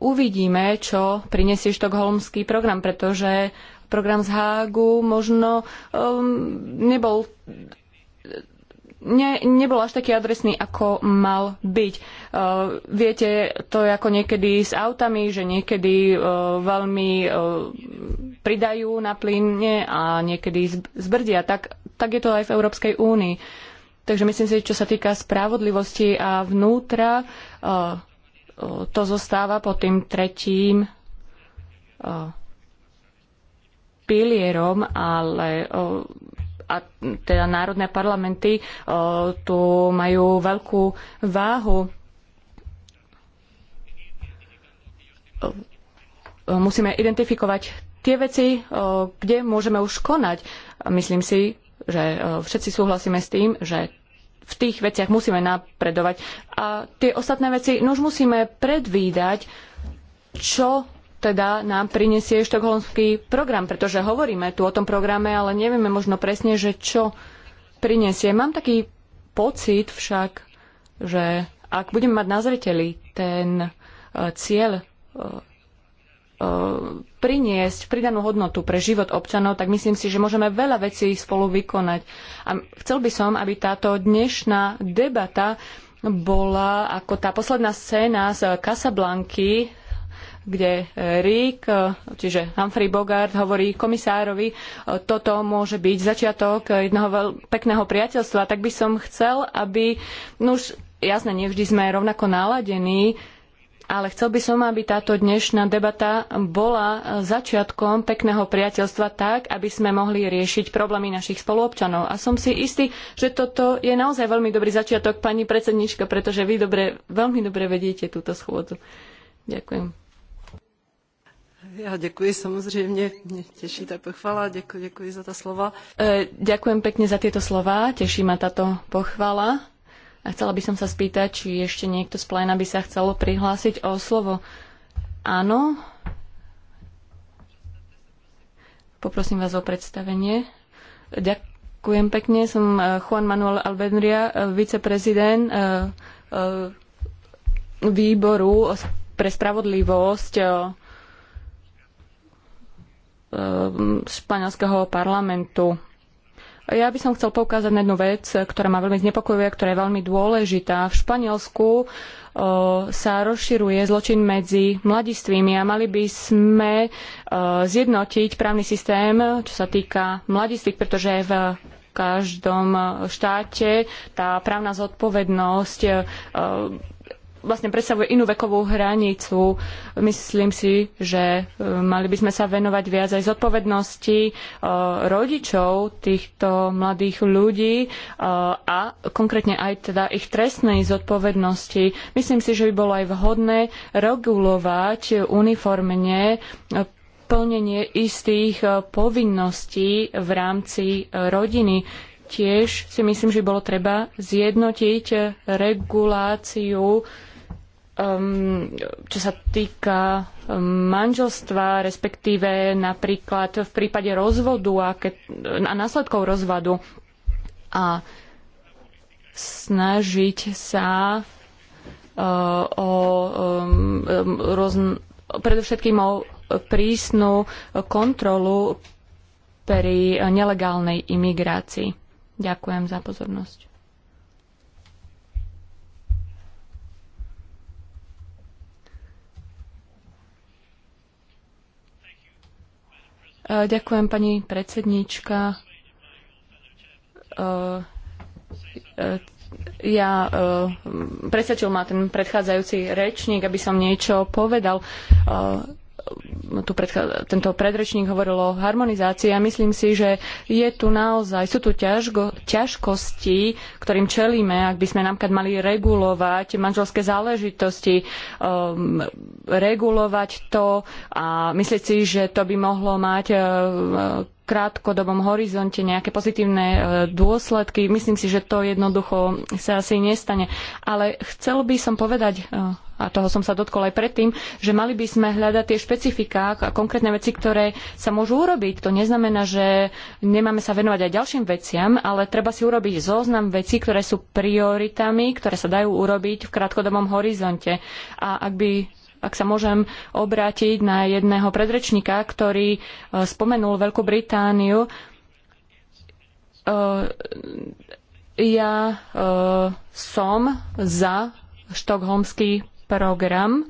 uvidíme, čo prinesie štokholmský program, pretože program z Hágu možno um, nebol ne, nebol až taký adresný, ako mal byť. Uh, viete, to je ako niekedy s autami, že niekedy uh, veľmi uh, pridajú na plyne a niekedy zbrdia. Tak, tak je to aj v Európskej únii. Takže myslím si, čo sa týka spravodlivosti a vnútra, uh, to zostáva pod tým tretím pilierom, ale a teda národné parlamenty tu majú veľkú váhu. Musíme identifikovať tie veci, kde môžeme už konať. Myslím si, že všetci súhlasíme s tým, že v tých veciach musíme napredovať. A tie ostatné veci, no už musíme predvídať, čo teda nám prinesie štokholmský program, pretože hovoríme tu o tom programe, ale nevieme možno presne, že čo prinesie. Mám taký pocit však, že ak budeme mať na zreteli ten eh, cieľ eh, E, priniesť pridanú hodnotu pre život občanov, tak myslím si, že môžeme veľa vecí spolu vykonať. A chcel by som, aby táto dnešná debata bola ako tá posledná scéna z Casablanky, kde Rick, e, čiže Humphrey Bogart, hovorí komisárovi, e, toto môže byť začiatok jedného veľ- pekného priateľstva, tak by som chcel, aby, no už jasné, nevždy sme rovnako naladení, ale chcel by som, aby táto dnešná debata bola začiatkom pekného priateľstva tak, aby sme mohli riešiť problémy našich spoluobčanov. A som si istý, že toto je naozaj veľmi dobrý začiatok, pani predsednička, pretože vy dobre, veľmi dobre vediete túto schôdzu. Ďakujem. Ja ďakujem samozrejme, mne teší tá pochvala, ďakujem, ďakujem za tá slova. E, ďakujem pekne za tieto slova, teší ma táto pochvala. A chcela by som sa spýtať, či ešte niekto z pléna by sa chcel prihlásiť o slovo. Áno. Poprosím vás o predstavenie. Ďakujem pekne. Som eh, Juan Manuel Albendria, eh, viceprezident eh, výboru pre spravodlivosť španielského parlamentu. Ja by som chcel poukázať na jednu vec, ktorá ma veľmi znepokojuje, ktorá je veľmi dôležitá. V Španielsku o, e, sa rozširuje zločin medzi mladistvými a mali by sme o, e, zjednotiť právny systém, čo sa týka mladistvých, pretože v každom štáte tá právna zodpovednosť o, e, vlastne predstavuje inú vekovú hranicu. Myslím si, že e, mali by sme sa venovať viac aj zodpovednosti e, rodičov týchto mladých ľudí e, a konkrétne aj teda ich trestnej zodpovednosti. Myslím si, že by bolo aj vhodné regulovať uniformne plnenie istých povinností v rámci rodiny tiež si myslím, že bolo treba zjednotiť reguláciu um, čo sa týka ehm, manželstva, respektíve napríklad v prípade rozvodu a, ke, a následkov rozvodu a snažiť sa uh, o um, predovšetkým o prísnu kontrolu pri nelegálnej imigrácii. Ďakujem za pozornosť. Eh, ďakujem, pani predsedníčka. Eh, eh, ja presvedčil ma ten predchádzajúci rečník, aby som niečo povedal tu tento predrečník hovoril o harmonizácii a myslím si, že je tu naozaj, sú tu ťažko, ťažkosti, ktorým čelíme, ak by sme napríklad mali regulovať manželské záležitosti, um, regulovať to a myslieť si, že to by mohlo mať uh, krátkodobom horizonte nejaké pozitívne uh, dôsledky. Myslím si, že to jednoducho sa asi nestane. Ale chcel by som povedať uh, a toho som sa dotkol aj predtým, že mali by sme hľadať tie špecifiká a konkrétne veci, ktoré sa môžu urobiť. To neznamená, že nemáme sa venovať aj ďalším veciam, ale treba si urobiť zoznam vecí, ktoré sú prioritami, ktoré sa dajú urobiť v krátkodobom horizonte. A ak by ak sa môžem obrátiť na jedného predrečníka, ktorý e, spomenul Veľkú Britániu, e, ja e, som za štokholmský program,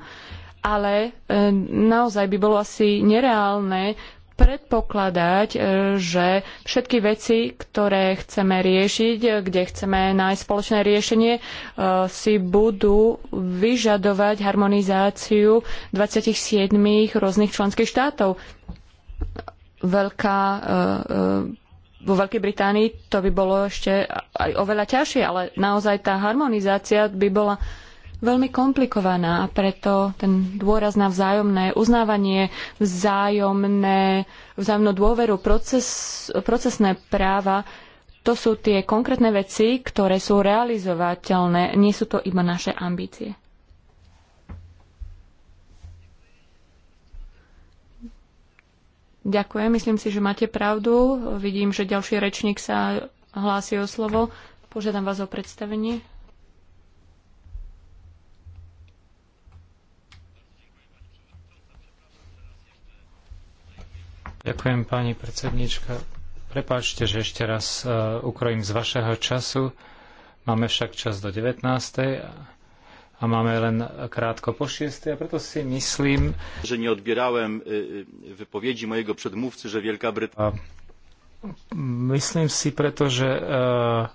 ale e, naozaj by bolo asi nereálne predpokladať, e, že všetky veci, ktoré chceme riešiť, e, kde chceme nájsť spoločné riešenie, si budú vyžadovať harmonizáciu 27 rôznych členských štátov. Veľká vo Veľkej Británii to by bolo ešte aj oveľa ťažšie, ale naozaj tá harmonizácia by bola veľmi komplikovaná a preto ten dôraz na vzájomné uznávanie, vzájomné, vzájomnú dôveru, proces, procesné práva, to sú tie konkrétne veci, ktoré sú realizovateľné, nie sú to iba naše ambície. Ďakujem, myslím si, že máte pravdu. Vidím, že ďalší rečník sa hlási o slovo. Požiadam vás o predstavenie. Ďakujem, pani predsednička. Prepáčte, že ešte raz uh, ukrojím z vašeho času. Máme však čas do 19. a máme len krátko po 6. a preto si myslím, že neodbierałem e, e, wypowiedzi mojego przedmówcy, že Wielka Brytania... Myslím si preto, že uh,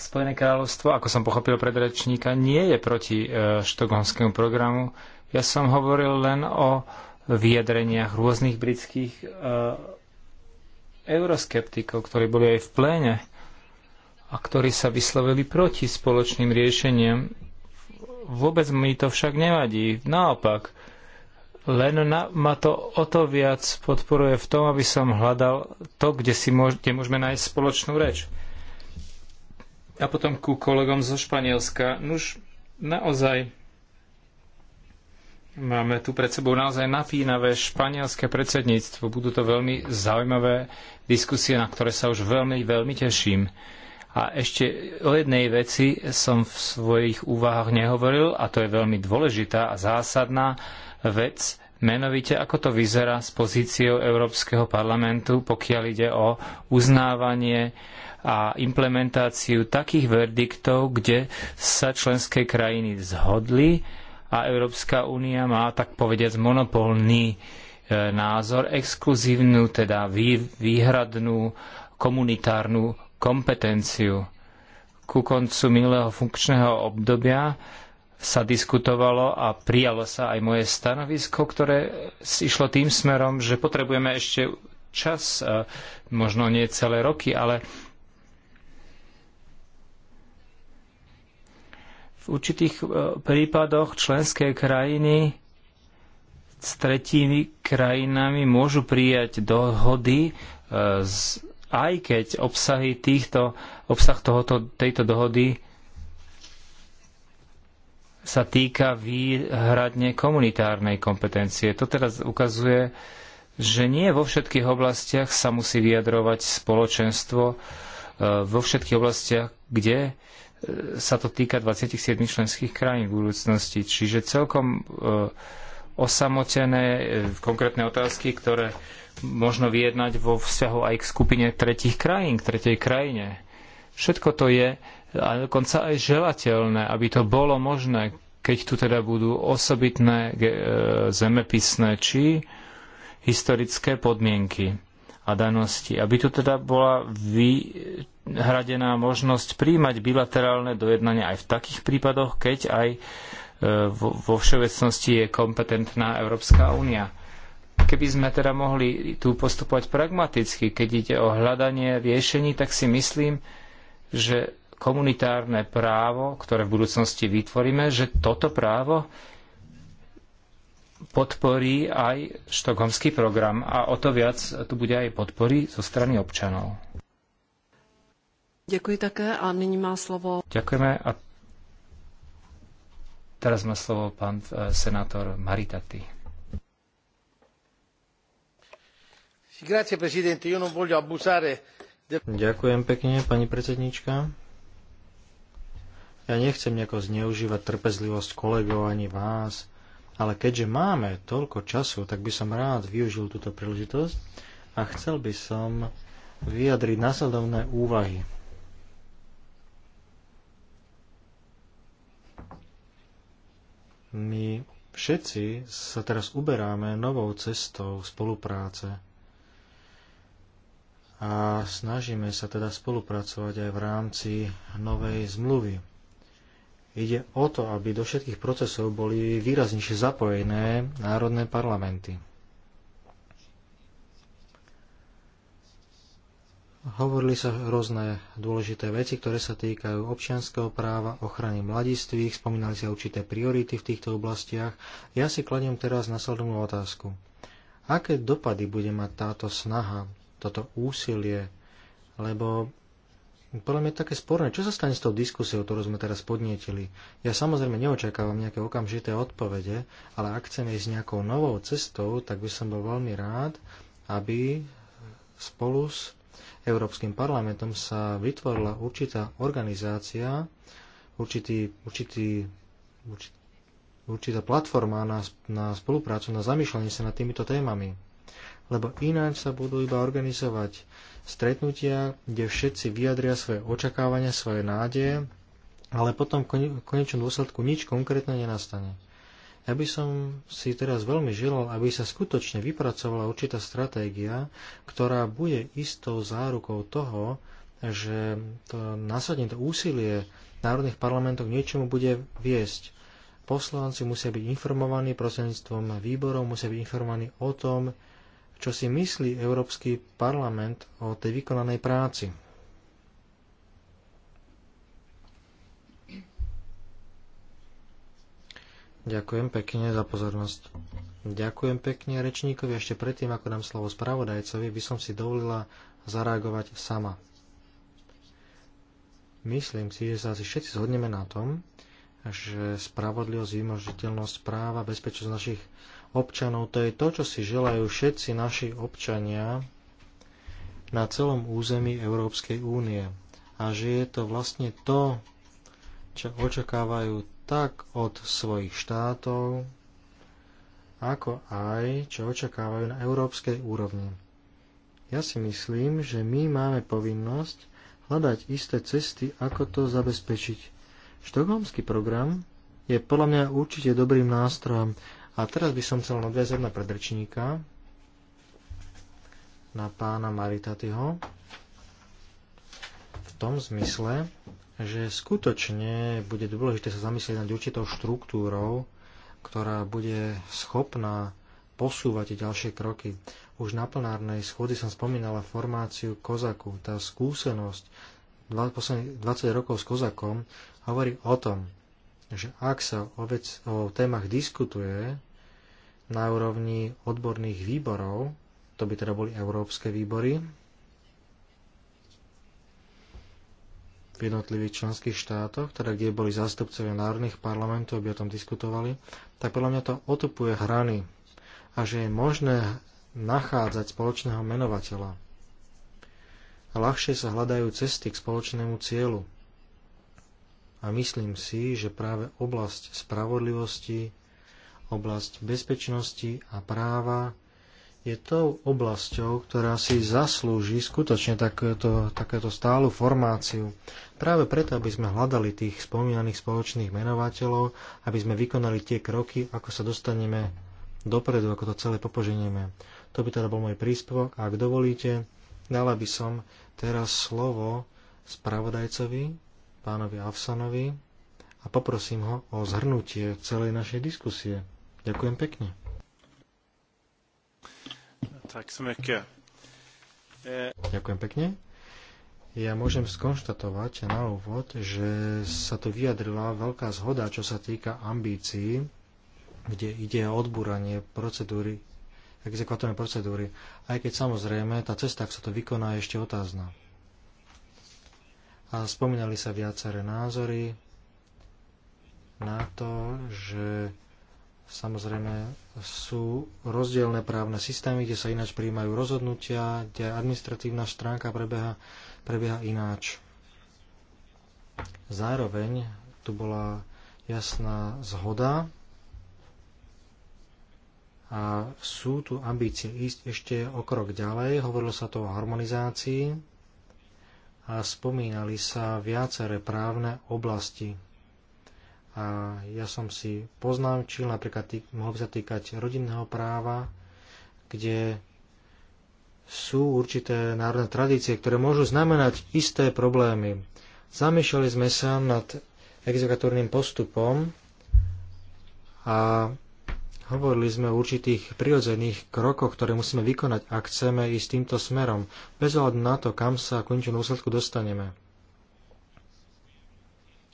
Spojené kráľovstvo, ako som pochopil predrečníka, nie je proti štokholmskému programu. Ja som hovoril len o vyjadreniach rôznych britských eh, euroskeptikov, ktorí boli aj v pléne a ktorí sa vyslovili proti spoločným riešeniam. Vôbec mi to však nevadí. Naopak, len na, ma to o to viac podporuje v tom, aby som hľadal to, kde, si môž, kde môžeme nájsť spoločnú reč. A potom ku kolegom zo Španielska. Nuž, naozaj, Máme tu pred sebou naozaj napínavé španielské predsedníctvo. Budú to veľmi zaujímavé diskusie, na ktoré sa už veľmi, veľmi teším. A ešte o jednej veci som v svojich úvahách nehovoril, a to je veľmi dôležitá a zásadná vec, menovite ako to vyzerá s pozíciou Európskeho parlamentu, pokiaľ ide o uznávanie a implementáciu takých verdiktov, kde sa členské krajiny zhodli, a Európska únia má tak povediac monopolný e, názor, exkluzívnu, teda výhradnú komunitárnu kompetenciu. Ku koncu minulého funkčného obdobia sa diskutovalo a prijalo sa aj moje stanovisko, ktoré išlo tým smerom, že potrebujeme ešte čas, e, možno nie celé roky, ale V určitých e, prípadoch členské krajiny s tretími krajinami môžu prijať dohody, e, aj keď obsahy týchto, obsah tohoto, tejto dohody sa týka výhradne komunitárnej kompetencie. To teraz ukazuje, že nie vo všetkých oblastiach sa musí vyjadrovať spoločenstvo, e, vo všetkých oblastiach, kde E, sa to týka 27 členských krajín v budúcnosti. Čiže celkom e, osamotené e, konkrétne otázky, ktoré možno vyjednať vo vzťahu aj k skupine tretich krajín, k tretej krajine. Všetko to je a dokonca aj želateľné, aby to bolo možné, keď tu teda budú osobitné zemepisné či historické podmienky a danosti. Aby tu teda bola vyhradená možnosť príjmať bilaterálne dojednania aj v takých prípadoch, keď aj e, vo všeobecnosti je kompetentná Európska únia. Keby sme teda mohli tu postupovať pragmaticky, keď ide o hľadanie riešení, tak si myslím, že komunitárne právo, ktoré v budúcnosti vytvoríme, že toto právo podporí aj štokholmský program a o to viac tu bude aj podpory zo strany občanov. Ďakujem také a nyní má slovo. Ďakujeme a teraz má slovo pán e, senátor Maritati. Ďakujem pekne, pani predsednička. Ja nechcem nejako zneužívať trpezlivosť kolegov ani vás ale keďže máme toľko času, tak by som rád využil túto príležitosť a chcel by som vyjadriť následovné úvahy. My všetci sa teraz uberáme novou cestou spolupráce a snažíme sa teda spolupracovať aj v rámci novej zmluvy Ide o to, aby do všetkých procesov boli výraznejšie zapojené národné parlamenty. Hovorili sa rôzne dôležité veci, ktoré sa týkajú občianského práva, ochrany mladistvých, spomínali sa určité priority v týchto oblastiach. Ja si kladiem teraz nasledovnú otázku. Aké dopady bude mať táto snaha, toto úsilie? Lebo podľa mňa je také sporné, čo sa stane s tou diskusiou, ktorú sme teraz podnietili. Ja samozrejme neočakávam nejaké okamžité odpovede, ale ak chceme ísť nejakou novou cestou, tak by som bol veľmi rád, aby spolu s Európskym parlamentom sa vytvorila určitá organizácia, určitý, určitý, určitá platforma na, na spoluprácu, na zamýšľanie sa nad týmito témami lebo ináč sa budú iba organizovať stretnutia, kde všetci vyjadria svoje očakávania, svoje nádeje, ale potom v konečnom dôsledku nič konkrétne nenastane. Ja by som si teraz veľmi želal, aby sa skutočne vypracovala určitá stratégia, ktorá bude istou zárukou toho, že to následne to úsilie národných parlamentov k niečomu bude viesť. Poslanci musia byť informovaní prostredníctvom výborov, musia byť informovaní o tom, čo si myslí Európsky parlament o tej vykonanej práci. Ďakujem pekne za pozornosť. Ďakujem pekne rečníkovi. Ešte predtým, ako dám slovo spravodajcovi, by som si dovolila zareagovať sama. Myslím si, že sa asi všetci zhodneme na tom, že spravodlivosť, vymožiteľnosť práva, bezpečnosť našich občanov. To je to, čo si želajú všetci naši občania na celom území Európskej únie. A že je to vlastne to, čo očakávajú tak od svojich štátov, ako aj čo očakávajú na európskej úrovni. Ja si myslím, že my máme povinnosť hľadať isté cesty, ako to zabezpečiť. Štokholmský program je podľa mňa určite dobrým nástrojom, a teraz by som chcel nadviazať na predrečníka, na pána Maritatyho, v tom zmysle, že skutočne bude dôležité sa zamyslieť nad určitou štruktúrou, ktorá bude schopná posúvať ďalšie kroky. Už na plenárnej schôdzi som spomínala formáciu Kozaku, tá skúsenosť 20 rokov s Kozakom hovorí o tom, že ak sa o, vec, o témach diskutuje na úrovni odborných výborov, to by teda boli európske výbory v jednotlivých členských štátoch, teda kde boli zástupcovia národných parlamentov, aby o tom diskutovali, tak podľa mňa to otopuje hrany a že je možné nachádzať spoločného menovateľa. Ľahšie sa hľadajú cesty k spoločnému cieľu a myslím si, že práve oblasť spravodlivosti, oblasť bezpečnosti a práva je tou oblasťou, ktorá si zaslúži skutočne takéto, takéto stálu formáciu. Práve preto, aby sme hľadali tých spomínaných spoločných menovateľov, aby sme vykonali tie kroky, ako sa dostaneme dopredu, ako to celé popoženieme. To by teda bol môj príspevok ak dovolíte, dala by som teraz slovo spravodajcovi, pánovi Avsanovi a poprosím ho o zhrnutie celej našej diskusie. Ďakujem pekne. E, Ďakujem pekne. Ja môžem skonštatovať na úvod, že sa tu vyjadrila veľká zhoda, čo sa týka ambícií, kde ide o odbúranie procedúry, exekvatórnej procedúry, aj keď samozrejme tá cesta, ak sa to vykoná, je ešte otázna a spomínali sa viaceré názory na to, že samozrejme sú rozdielne právne systémy, kde sa ináč prijímajú rozhodnutia, kde administratívna stránka prebieha, prebieha ináč. Zároveň tu bola jasná zhoda a sú tu ambície ísť ešte o krok ďalej. Hovorilo sa to o harmonizácii a spomínali sa viaceré právne oblasti. A ja som si poznámčil, napríklad tý, mohol by sa týkať rodinného práva, kde sú určité národné tradície, ktoré môžu znamenať isté problémy. Zamýšľali sme sa nad exekutórnym postupom a Hovorili sme o určitých prirodzených krokoch, ktoré musíme vykonať, ak chceme ísť týmto smerom, bez ohľadu na to, kam sa v konečnom úsledku dostaneme.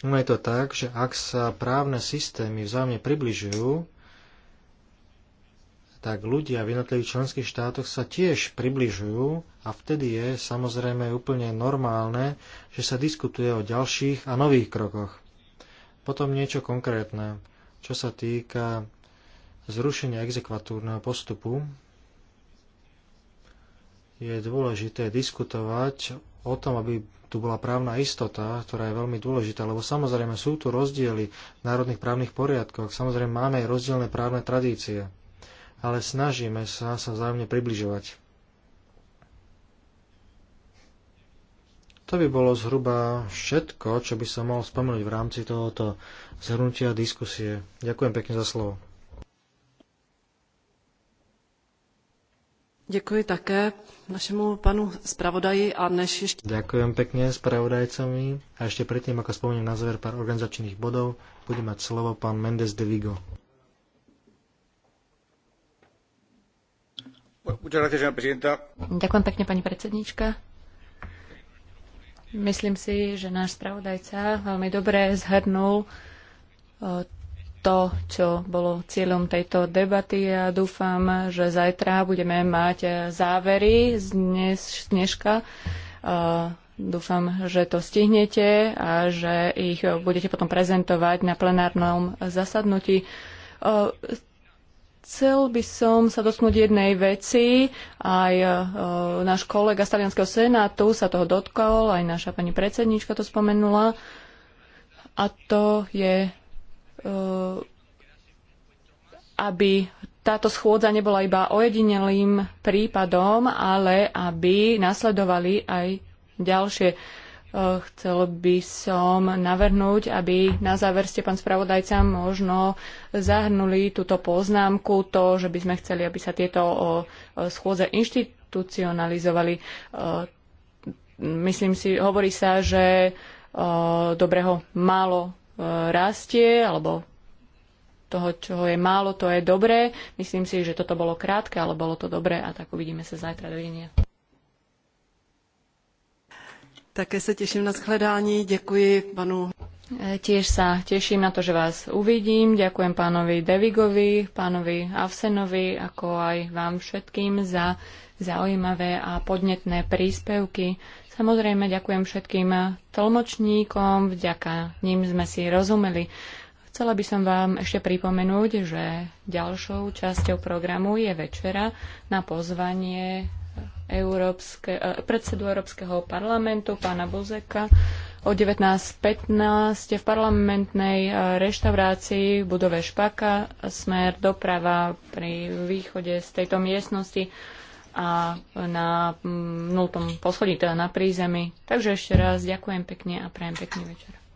No je to tak, že ak sa právne systémy vzájomne približujú, tak ľudia v jednotlivých členských štátoch sa tiež približujú a vtedy je samozrejme úplne normálne, že sa diskutuje o ďalších a nových krokoch. Potom niečo konkrétne, čo sa týka zrušenia exekvatúrneho postupu je dôležité diskutovať o tom, aby tu bola právna istota, ktorá je veľmi dôležitá, lebo samozrejme sú tu rozdiely v národných právnych poriadkoch, samozrejme máme aj rozdielne právne tradície, ale snažíme sa sa vzájomne približovať. To by bolo zhruba všetko, čo by som mohol spomenúť v rámci tohoto zhrnutia diskusie. Ďakujem pekne za slovo. Ďakujem také našemu panu spravodaji a dnes ešte... Ďakujem pekne spravodajcovi a ešte predtým, ako spomeniem na záver pár organizačných bodov, bude mať slovo pán Mendes de Vigo. Ďakujem pekne, pani predsednička. Myslím si, že náš spravodajca veľmi dobre zhrnul eh, to, čo bolo cieľom tejto debaty a ja dúfam, že zajtra budeme mať závery z dnes, dneška. dúfam, že to stihnete a že ich budete potom prezentovať na plenárnom zasadnutí. chcel by som sa dotknúť jednej veci. Aj náš kolega z Talianského senátu sa toho dotkol, aj naša pani predsednička to spomenula. A to je Eh, aby táto schôdza nebola iba ojedinelým prípadom, ale aby nasledovali aj ďalšie. Eh, chcel by som navrhnúť, aby na záver ste, pán spravodajca, možno zahrnuli túto poznámku, to, že by sme chceli, aby sa tieto schôdze inštitucionalizovali. Eh, myslím si, hovorí sa, že dobrého málo rastie alebo toho, čoho je málo, to je dobré. Myslím si, že toto bolo krátke, ale bolo to dobré a tak uvidíme sa zajtra. Dovidenia. Také sa teším na shledání. Ďakujem panu. E, tiež sa teším na to, že vás uvidím. Ďakujem pánovi Devigovi, pánovi Avsenovi, ako aj vám všetkým za zaujímavé a podnetné príspevky. Samozrejme, ďakujem všetkým tlmočníkom, vďaka ním sme si rozumeli. Chcela by som vám ešte pripomenúť, že ďalšou časťou programu je večera na pozvanie Európske, eh, predsedu Európskeho parlamentu, pána Buzeka, o 19.15 v parlamentnej eh, reštaurácii v budove Špaka, smer doprava pri východe z tejto miestnosti a na mm, nultom poschodí, teda na prízemí. Takže ešte raz ďakujem pekne a prajem pekný večer.